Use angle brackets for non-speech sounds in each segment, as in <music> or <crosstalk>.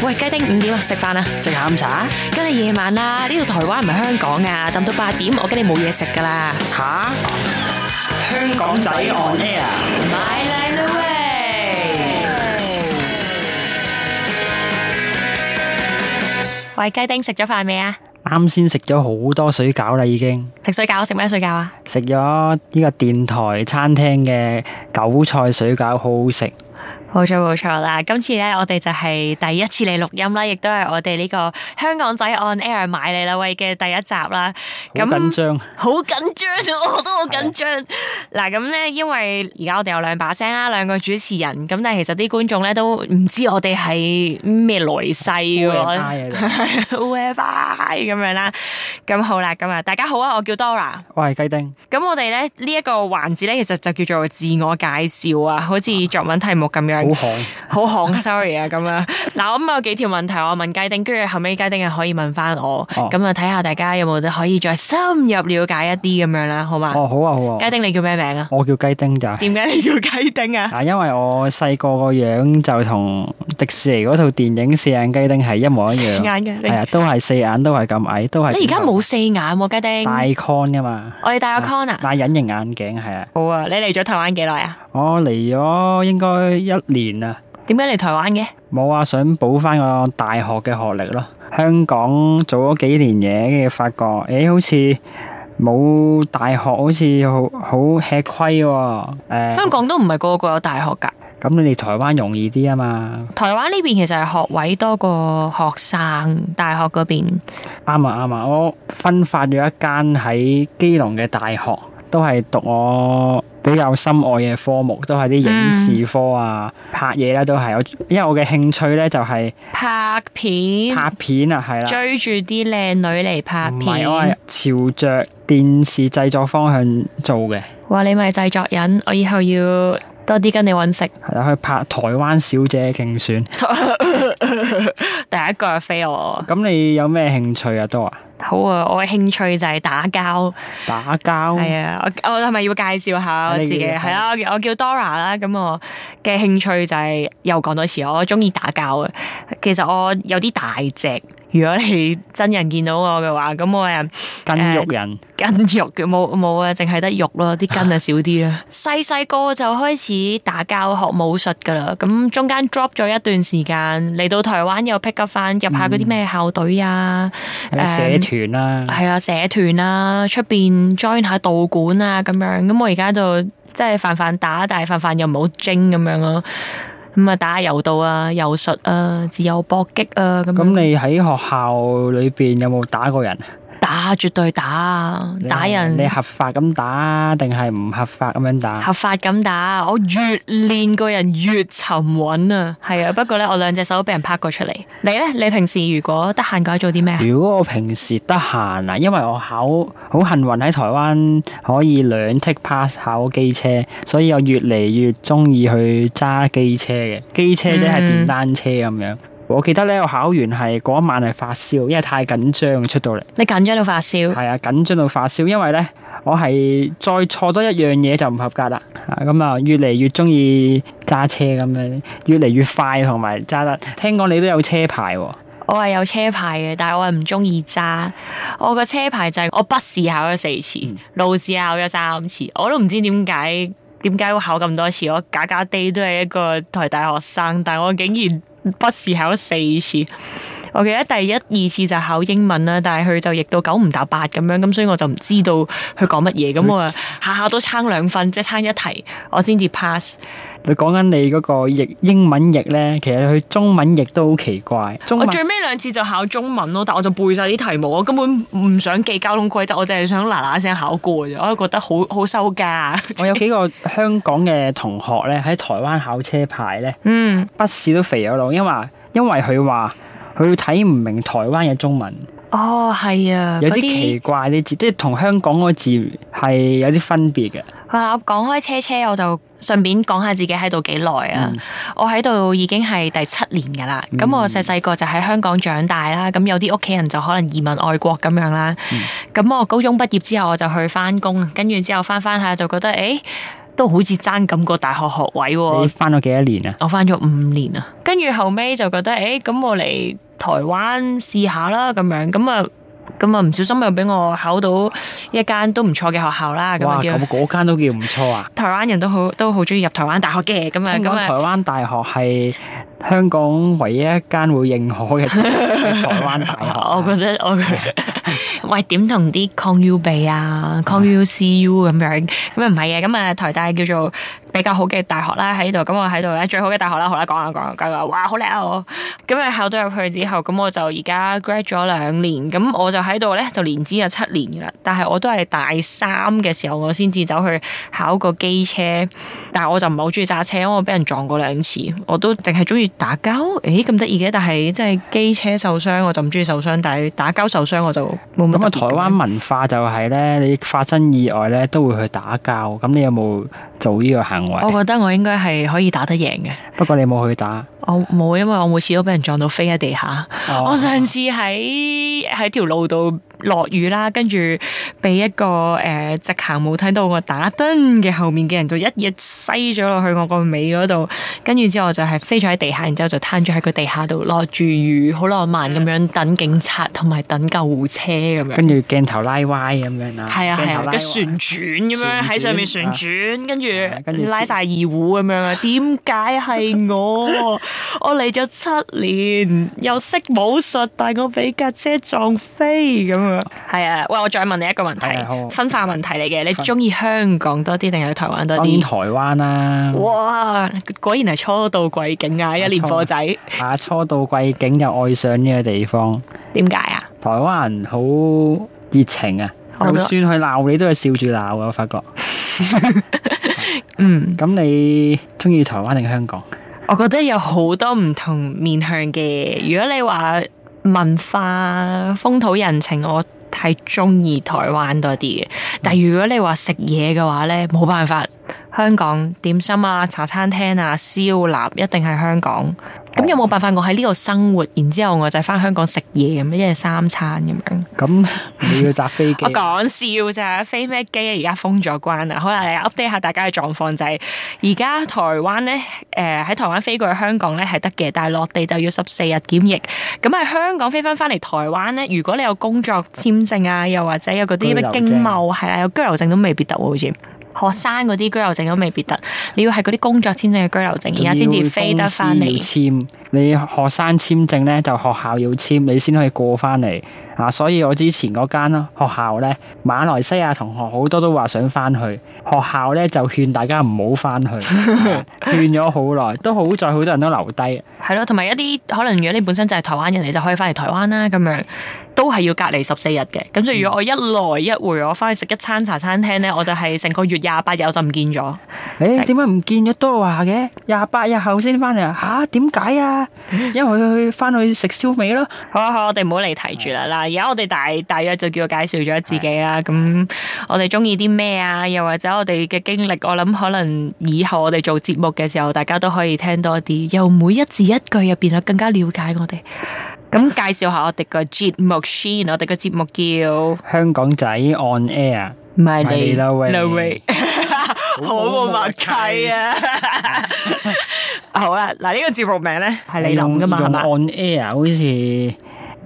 喂，雞丁五點啊，食飯啊，食下午茶。今日夜晚啦，呢度台灣唔係香港啊，等到八點我跟你冇嘢食㗎喇。吓？香港仔 on air。My line away。喂，雞丁食咗飯未啊？啱先食咗好多水餃啦，已經。食水餃食咩水餃啊？食咗呢個電台餐廳嘅韭菜水餃，好好食。冇錯冇錯啦！今次咧，我哋就係第一次嚟錄音啦，亦都係我哋呢個香港仔按 Air 買你啦喂嘅第一集啦。緊張，那 <laughs> 好緊張，我都好緊張。嗱咁咧，因為而家我哋有兩把聲啦，兩個主持人。咁但係其實啲觀眾咧都唔知我哋係咩來世。o 咁樣啦，咁好啦，咁啊，大家好啊，我叫 Dora。喂，雞丁。咁我哋咧呢一個環節咧，其實就叫做自我介紹啊，好似作文題目咁樣。 <laughs> 好巷，好 sorry 啊，咁啊，嗱，咁啊有幾條問題我問雞丁，跟住後尾雞丁又可以問翻我，咁啊睇下大家有冇可以再深入了解一啲咁樣啦，好嘛？哦，好啊，好啊，雞丁你叫咩名啊？我叫雞丁咋？點解你叫雞丁啊？啊， <laughs> 因為我細個個樣就同。迪士尼嗰套電影四眼雞丁係一模一樣。係啊，都係四眼，都係咁矮，都係。你而家冇四眼喎，雞丁。戴 Con 噶嘛？我哋戴咗 Con 啊。戴隱形眼鏡，係啊。好啊，你嚟咗台灣幾耐啊？我嚟咗應該一年啊。點解嚟台灣嘅？冇啊，想補翻個大學嘅學歷咯。香港做咗幾年嘢，跟住發覺，誒，好似冇大學，好似好好吃虧。誒，香港都唔係個個有大學噶。咁你哋台灣容易啲啊嘛？台灣呢邊其實係學位多過學生，大學嗰邊。啱啊啱啊！我分發咗一間喺基隆嘅大學，都係讀我比較深愛嘅科目，都係啲影視科啊，嗯、拍嘢咧都係。我因為我嘅興趣咧就係拍片，拍片啊係啦，追住啲靚女嚟拍片，拍片我係朝着電視製作方向做嘅。哇！你咪製作人，我以後要。多啲跟你搵食，係啊，去拍台灣小姐競選， <laughs> 第一個飛我。咁你有咩興趣又都啊？好啊！我嘅興趣就係打交，打交係啊！我我係咪要介紹下我自己？係啊，我叫 Dora 啦。咁我嘅興趣就係又講多次，我中意打交啊。其實我有啲大隻，如果你真人見到我嘅話，咁我係筋肉人，筋肉嘅，冇冇啊，淨係得肉咯，啲筋啊少啲啊。細細個就開始打交學武術噶啦，咁中間 drop 咗一段時間，嚟到台灣又 pick up 翻入下嗰啲咩校隊啊，誒。團啊，係啊，社團啊，出邊 join 下道館啊，咁樣，咁我而家就即係泛泛打，但係泛泛又唔好精咁樣咯。咁啊，打下柔道啊、柔術啊、自由搏擊啊咁。咁你喺學校裏邊有冇打過人？打絕對打是打人，你合法咁打定係唔合法咁樣打？合法咁打，我越練個人越沉穩啊！係啊， <laughs> 不過咧我兩隻手都俾人拍過出嚟。你呢？你平時如果得閒嘅話做啲咩？如果我平時得閒啊，因為我考，好幸運喺台灣可以兩 take pass 考機車，所以我越嚟越中意去揸機車嘅，機車即係電單車咁樣。嗯我記得咧，我考完係嗰一晚係發燒，因為太緊張出到嚟。你緊張到發燒？係啊，緊張到發燒，因為咧我係再錯多一樣嘢就唔合格啦。啊，咁啊，越嚟越中意揸車咁樣，越嚟越快同埋揸得。聽講你都有車牌喎、哦？我係有車牌嘅，但係我係唔中意揸。我個車牌就係我筆試考咗四次，路試考咗三次，、嗯、次，我都唔知點解點解會考咁多次。我假假地都係一個台大學生，但係我竟然。 <laughs> 不是考咗四次，我記得第一、二次就考英文啦，但係佢就譯到九唔搭八咁樣，咁所以我就唔知道佢講乜嘢，咁我啊他下下都撐兩分，即係撐一題，我先至 pass。講你講緊你嗰個英文譯咧，其實佢中文譯都好奇怪。我最尾兩次就考中文咯，但我就背晒啲題目，我根本唔想記交通規則，我淨係想嗱嗱聲考過啫，我都覺得好好收假。 <laughs> 我有幾個香港嘅同學咧，喺台灣考車牌咧，嗯，筆試都肥咗攞，因為因為佢話佢睇唔明台灣嘅中文。哦，係啊，有啲奇怪啲字，即係同香港嗰字係有啲分別嘅。嗱、啊，我講開車車，我就順便講下自己喺度幾耐啊。嗯、我喺度已經係第七年噶啦。咁、嗯、我細細個就喺香港長大啦。咁有啲屋企人就可能移民外國咁樣啦。咁我高中畢業之後，我就去翻工。跟住之後翻翻下，就覺得誒。欸都好似爭咁個大學學位喎。哦！你翻咗幾多年啊？我翻咗五年啊，跟住後尾就覺得，誒、欸，咁我嚟台灣試下啦，咁樣，咁啊，咁啊，唔小心又俾我考到一間都唔錯嘅學校啦。樣叫哇，咁嗰間都叫唔錯啊！台灣人都好都好中意入台灣大學嘅，咁啊，咁聽說 樣台灣大學係香港唯一一間會認可嘅台灣大學。我覺得我。 <laughs> 喂，點同啲抗 u 幣啊，抗 u cu 咁樣，咁又唔係嘅，咁啊，台大叫做比較好嘅大學啦，喺度咁我喺度咧，最好嘅大學啦，好啦，講下講下，咁啊，哇，好叻哦！咁你考到入去之後，咁我就而家 grad 咗兩年，咁我就喺度咧就年資啊七年噶啦，但係我都係大三嘅時候，我先至走去考個機車，但係我就唔好中意揸車，因為我俾人撞過兩次，我都淨係中意打交，誒咁得意嘅，但係真係機車受傷，我就唔中意受傷，但係打交受傷我就冇咁啊！台灣文化就係咧，你發生意外咧都會去打交，咁你有冇做呢個行？我覺得我應該係可以打得贏嘅，不過你冇去打？我冇，因為我每次都俾人撞到飛喺地下。Oh. 我上次喺喺條路度。落雨啦，跟住俾一個誒、呃、直行冇睇到我打燈嘅後面嘅人，就一嘢西咗落去我個尾嗰度。跟住之後就係飛咗喺地下，然之後就攤咗喺個地，地下度，落住雨，好浪漫咁樣等警察同埋等救護車咁樣。跟住鏡頭拉歪咁樣啦，係啊係啊，個、啊、在旋轉咁樣喺上面旋轉，跟住拉晒二胡咁樣啊？點解係我？ <laughs> <laughs> 我嚟咗七年，又識武術，但我俾架車撞飛咁啊！係啊，喂，我再問你一個問題，okay, 好分化問題嚟嘅，你中意香港多啲定係台灣多啲？當然台灣啦。哇，果然係初到貴境啊，初一年貨仔。啊，初到貴境就愛上呢個地方。點解啊？台灣人好熱情啊，就算佢鬧你，都係笑住鬧啊。我發覺。 <laughs> <laughs> 嗯，咁你中意台灣定香港？我覺得有好多唔同面向嘅。如果你話。文化風土人情，我太鍾意台灣多啲，但如果你話食嘢嘅話呢，冇辦法。香港點心啊，茶餐廳啊，燒臘一定係香港。咁、嗯、有冇辦法我喺呢度生活，然之後我就翻香港食嘢咁，一日三餐咁樣。咁你要搭飛機？ <laughs> 我講笑咋，飛咩機啊？而家封咗關啊！好啦，update 下大家嘅狀況，就係而家台灣咧，誒、呃、喺台灣飛過去香港咧係得嘅，但係落地就要十四日檢疫。咁喺香港飛翻翻嚟台灣咧，如果你有工作簽證啊，又或者有嗰啲咩經貿係啊，有居留證都未必得，好似。學生嗰啲居留證都未必得，你要係嗰啲工作簽證嘅居留證，而家先至飛得翻嚟。要公司要簽。你學生簽證咧就學校要簽，你先可以過翻嚟啊！所以我之前嗰間學校咧，馬來西亞同學好多都話想翻去，學校咧就勸大家唔好翻去，勸咗好耐，都好在好多人都留低。係咯， <laughs> 同埋一啲可能，如果你本身就係台灣人，你就可以翻嚟台灣啦。咁樣都係要隔離十四日嘅。咁所以如果我一來一回，我翻去食一餐茶餐廳咧，我就係成個月廿八日我就唔見咗。誒、欸，點解唔見咗都話嘅？廿八日後先翻嚟，吓，點解啊？因為去翻去食燒味咯， <laughs> 好啊好，我哋唔好嚟睇住啦。嗱，而家我哋大大約就叫我介紹咗自己啦。咁是的 我哋中意啲咩啊？又或者我哋嘅經歷，我諗可能以後我哋做節目嘅時候，大家都可以聽多啲，又每一字一句入邊更加了解我哋。咁介紹下我哋個節目先， <laughs> 我哋個節目叫香港仔 On Air，咪你好冇默契啊！好啦，嗱，呢個字幕名咧係你諗噶嘛？係咪？On air 好似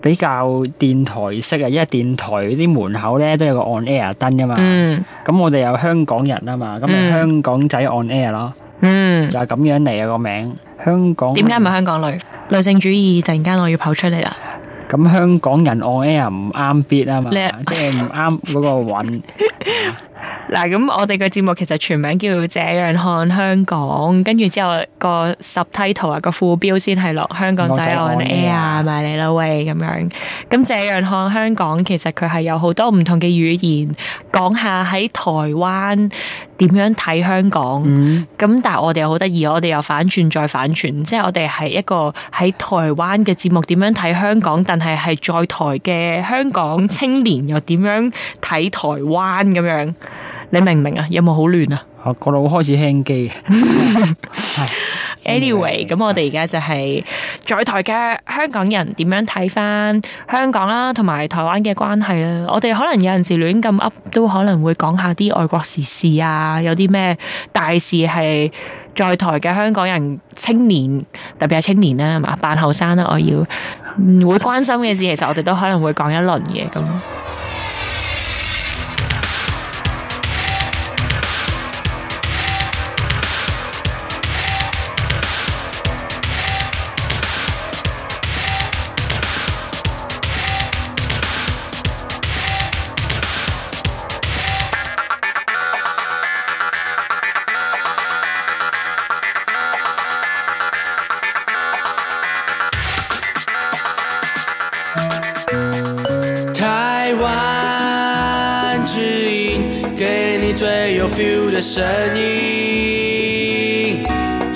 比較電台式啊，因為電台嗰啲門口咧都有個 on air 燈噶嘛。嗯，咁我哋有香港人啊嘛，咁咪香港仔 on air 咯。嗯，就咁樣嚟啊個名。香港點解唔係香港女女性主義？突然間我要跑出嚟啦！咁香港人 on air 唔啱 bit 啊嘛，即係唔啱嗰個韻。嗱，咁我哋嘅節目其實全名叫《這樣看香港》，跟住之後個十梯圖啊，個副標先係落香港仔岸 A 啊，咪你咯喂，咁、no、樣。咁《這樣看香港》其實佢係有好多唔同嘅語言，講下喺台灣點樣睇香港。咁、嗯、但係我哋又好得意，我哋又反轉再反轉，即係我哋係一個喺台灣嘅節目，點樣睇香港？但係係在台嘅香港青年又點樣睇台灣？咁樣。你明唔明啊？啊那個、啊有冇好亂啊？我覺得我開始輕機。Anyway，咁我哋而家就係在台嘅香港人點樣睇返香港啦，同埋台灣嘅關係啦。我哋可能有陣時亂咁 up，都可能會講下啲外國時事啊，有啲咩大事係在台嘅香港人青年，特別係青年啦、啊，係嘛，扮後生啦，我要、嗯、會關心嘅事，其實我哋都可能會講一輪嘢咁。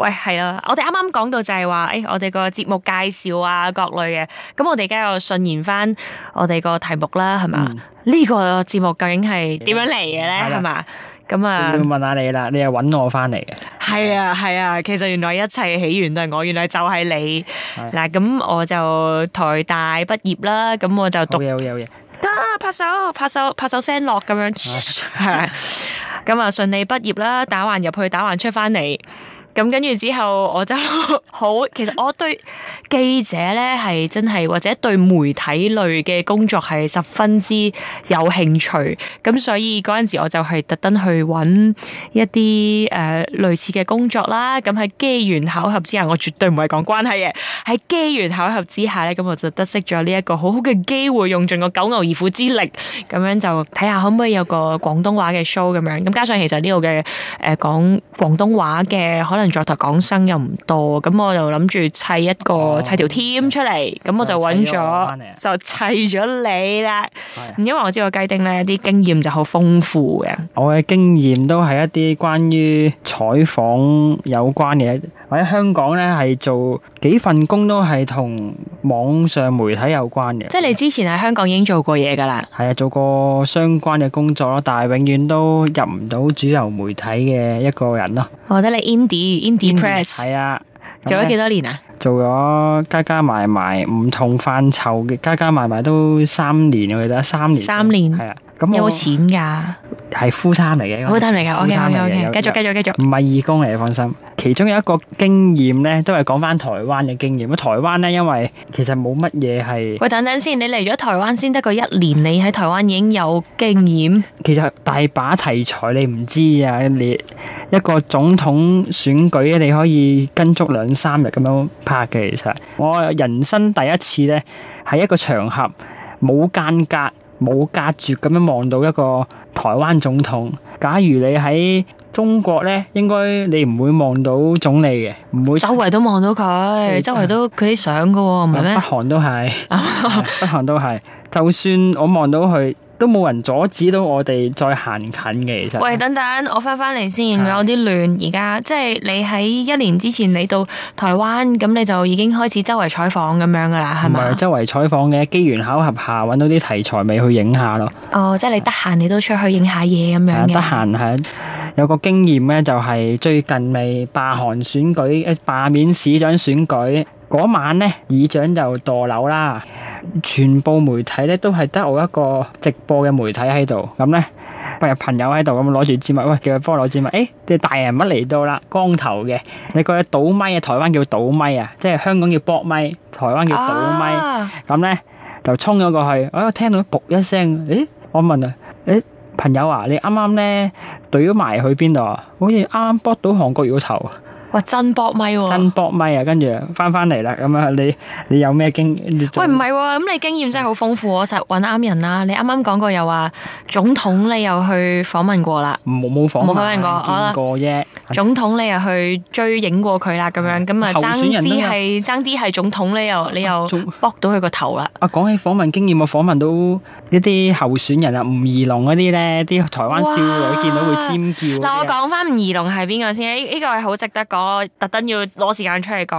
喂，係啦，我哋啱啱講到就係話，誒，我哋個節目介紹啊，各類嘅，咁我哋而家又順延翻我哋個題目啦，係嘛？呢個節目究竟係點樣嚟嘅咧？係嘛？咁啊，要問下你啦，你又搵我翻嚟嘅。係啊，係啊，其實原來一切起源都係我，原來就係你。嗱，咁我就台大畢業啦，咁我就讀，好嘢，好嘢，得，拍手，拍手，拍手聲落，咁樣係啦。咁啊，順利畢業啦，打橫入去，打橫出翻嚟。咁跟住之後我就好。其實我對記者咧，係真係或者對媒體類嘅工作係十分之有興趣。咁所以陣時我就係特登去搵一啲誒、呃、類似嘅工作啦。咁喺機緣巧合之下，我絕對唔係講關係嘅。喺機緣巧合之下咧，咁我就得識咗呢一個好好嘅機會，用盡個九牛二虎之力，咁樣就睇下可唔可以有個廣東話嘅 show 咁樣。咁加上其實呢度嘅誒講廣東話嘅可能。可能再頭講聲又唔多，咁我就諗住砌一個砌條 team 出嚟，咁我就揾咗就砌咗你啦。的因為我知道雞丁呢啲經驗就好豐富嘅。我嘅經驗都係一啲關於採訪有關嘅，我喺香港呢係做幾份工都係同網上媒體有關嘅。即係你之前喺香港已經做過嘢噶啦？係啊，做過相關嘅工作咯，但係永遠都入唔到主流媒體嘅一個人咯。我覺得你 Indie Indie Press，係啊，做咗幾多年啊？做咗加加埋埋唔同範疇嘅，加加埋埋都三年，我記得三年三年係啊。有冇錢噶？係副探嚟嘅，好襯嚟嘅，我有嘅，有嘅。繼續，繼續，繼續。唔係義工嚟，放心。其中有一個經驗咧，都係講翻台灣嘅經驗。咁台灣咧，因為其實冇乜嘢係。喂，等等先，你嚟咗台灣先得個一年，你喺台灣已經有經驗。其實大把題材你唔知啊！你一個總統選舉，你可以跟足兩三日咁樣拍嘅。其實我人生第一次咧，喺一個場合冇間隔。冇隔絕咁樣望到一個台灣總統。假如你喺中國咧，應該你唔會望到總理嘅，唔會周圍都望到佢，周圍都佢啲相㗎，唔係咩？北韓都係，北韓都係。就算我望到佢。都冇人阻止到我哋再行近嘅，其實。喂，等等，我翻翻嚟先，有啲亂而家的。即係你喺一年之前你到台灣，咁你就已經開始周圍採訪咁樣噶啦，係咪？唔係，周圍採訪嘅機緣巧合下揾到啲題材，未去影下咯。哦，即係你得閒，的你都出去影下嘢咁樣嘅。得閒係有，有個經驗呢，就係最近未罷韓選舉，罷免市長選舉。嗰晚咧，議長就墮樓啦。全部媒體咧都係得我一個直播嘅媒體喺度。咁咧，我有朋友喺度咁攞住支麥，喂，叫佢幫我攞支麥。誒，啲大人物嚟到啦，光頭嘅。你過去倒麥啊，台灣叫倒麥啊，即係香港叫博麥，台灣叫倒麥。咁咧就衝咗過去，我聽到噗一聲，誒，我問啊，誒，朋友啊，你啱啱咧懟埋去邊度啊？好似啱啱博到韓國瑜個頭。哇，真搏咪喎，真搏咪啊！跟住翻翻嚟啦，咁啊，你你有咩經驗？喂，唔係咁，你經驗真係好豐富啊！實揾啱人啦。你啱啱講過又話總統，你又去訪問過啦，冇冇訪冇訪問過，好啦，過啫，哦。總統你又去追影過佢啦，咁樣咁啊，爭啲係爭啲係總統咧，又你又搏到佢個頭啦，啊。啊，講起訪問經驗，我訪問到一啲候選人啊，吳怡龍嗰啲咧，啲台灣少女見到會尖叫。嗱哇，我講翻吳怡龍係邊個先？呢呢個係好值得講。我特登要攞時間出嚟講。